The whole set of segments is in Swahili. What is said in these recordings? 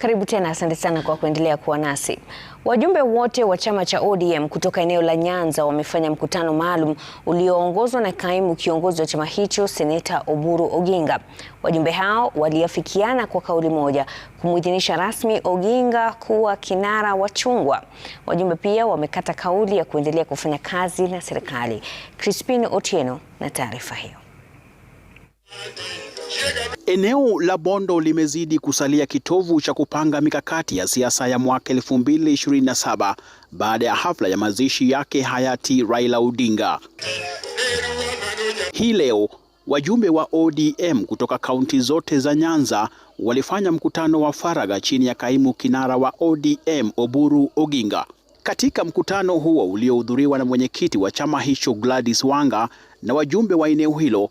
Karibu tena, asante sana kwa kuendelea kuwa nasi. Wajumbe wote wa chama cha ODM kutoka eneo la Nyanza wamefanya mkutano maalum ulioongozwa na kaimu kiongozi wa chama hicho Seneta Oburu Oginga. Wajumbe hao waliafikiana kwa kauli moja kumuidhinisha rasmi Oginga kuwa kinara wa chungwa. Wajumbe pia wamekata kauli ya kuendelea kufanya kazi na serikali. Crispin Otieno na taarifa hiyo. Eneo la Bondo limezidi kusalia kitovu cha kupanga mikakati ya siasa ya mwaka 2027 baada ya hafla ya mazishi yake hayati Raila Odinga. Hii leo wajumbe wa ODM kutoka kaunti zote za Nyanza walifanya mkutano wa faragha chini ya kaimu kinara wa ODM Oburu Oginga. Katika mkutano huo uliohudhuriwa na mwenyekiti wa chama hicho Gladys Wanga na wajumbe wa eneo hilo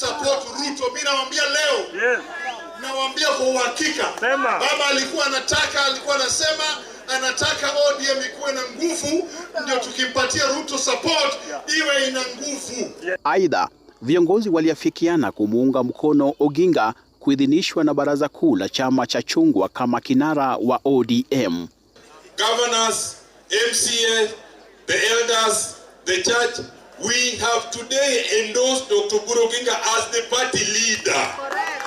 support Ruto. Mimi nawaambia leo, yes. Nawaambia kwa uhakika, baba alikuwa anataka, alikuwa anasema anataka ODM ikuwe na nguvu, ndio tukimpatia Ruto support iwe ina nguvu. Aidha, viongozi waliafikiana kumuunga mkono Oginga kuidhinishwa na baraza kuu la chama cha chungwa kama kinara wa ODM. Governors, MCA, the elders, the church We have today endorsed Dr. Guraginga as the party leader. Correct.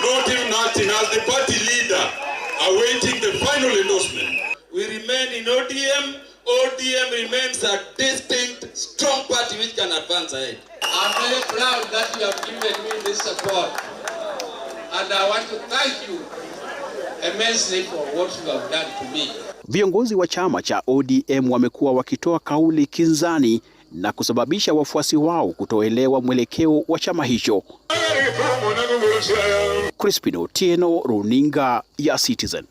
Not even nothing, as the party leader, awaiting the final endorsement. We remain in ODM. ODM remains a distinct, strong party which can advance ahead. I'm very proud that you have given me this support. And I want to thank you immensely for what you have done to me. Viongozi wa chama cha ODM wamekuwa wakitoa kauli kinzani na kusababisha wafuasi wao kutoelewa mwelekeo wa chama hicho. Crispino Tieno, Runinga ya Citizen.